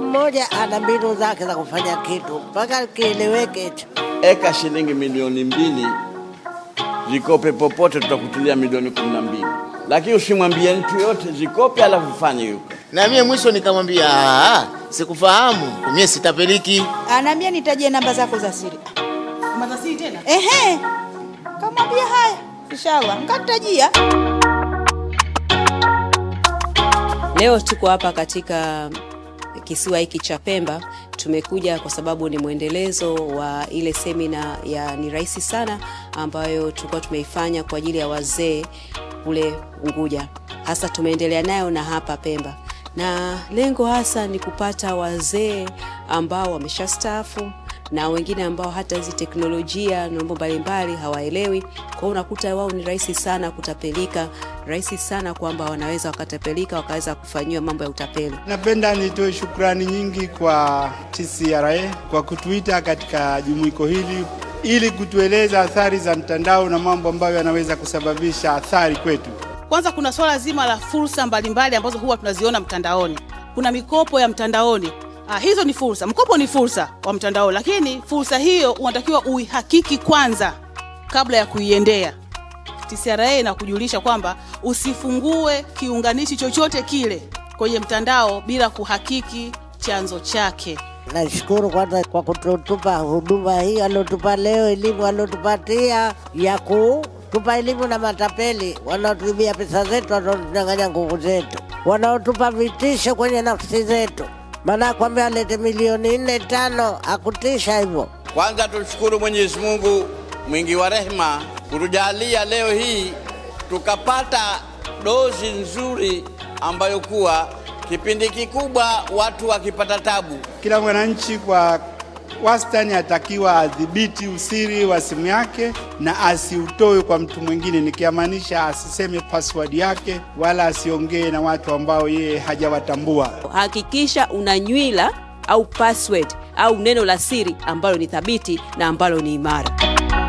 mmoja ana mbinu zake za kufanya kitu mpaka kieleweke hicho. Eka shilingi milioni mbili zikope popote, tutakutulia milioni kumi na mbili, lakini usimwambie mtu yote zikope, alafu fanye hiyo. Na mie mwisho nikamwambia sikufahamu, mie sitapeliki. Anaambia nitajie namba zako za siri. Namba za siri tena? Ehe, kamwambia haya, inshallah nkatajia. Leo tuko hapa katika kisiwa hiki cha Pemba. Tumekuja kwa sababu ni mwendelezo wa ile semina ya ni rahisi sana ambayo tulikuwa tumeifanya kwa ajili ya wazee kule Unguja, hasa tumeendelea nayo na hapa Pemba, na lengo hasa ni kupata wazee ambao wameshastaafu na wengine ambao hata hizi teknolojia na mambo mbalimbali hawaelewi. Kwa hiyo unakuta wao ni rahisi sana kutapelika, rahisi sana kwamba wanaweza wakatapelika wakaweza kufanyiwa mambo ya utapeli. Napenda nitoe shukrani nyingi kwa TCRA kwa kutuita katika jumuiko hili ili kutueleza athari za mtandao na mambo ambayo yanaweza kusababisha athari kwetu. Kwanza kuna swala zima la fursa mbalimbali ambazo huwa tunaziona mtandaoni. Kuna mikopo ya mtandaoni Ah, hizo ni fursa. Mkopo ni fursa wa mtandao, lakini fursa hiyo unatakiwa uihakiki kwanza kabla ya kuiendea. TCRA kujulisha kwamba usifungue kiunganishi chochote kile kwenye mtandao bila kuhakiki chanzo chake. Nashukuru kwanza kwa kutupa huduma hii aliotupa leo, elimu aliotupatia ya kutupa elimu na matapeli wanaotumia pesa zetu, wanaotudanganya nguvu zetu, wanaotupa vitisho kwenye nafsi zetu maana akwambia alete milioni nne tano, akutisha hivyo. Kwanza tumshukuru Mwenyezi Mungu mwingi wa rehema kutujalia leo hii tukapata dozi nzuri ambayo kuwa kipindi kikubwa watu wakipata tabu, kila mwananchi kwa wastani atakiwa adhibiti usiri wa simu yake na asiutoe kwa mtu mwingine, nikiamaanisha asiseme password yake wala asiongee na watu ambao yeye hajawatambua. Hakikisha una nywila au password au neno la siri ambalo ni thabiti na ambalo ni imara.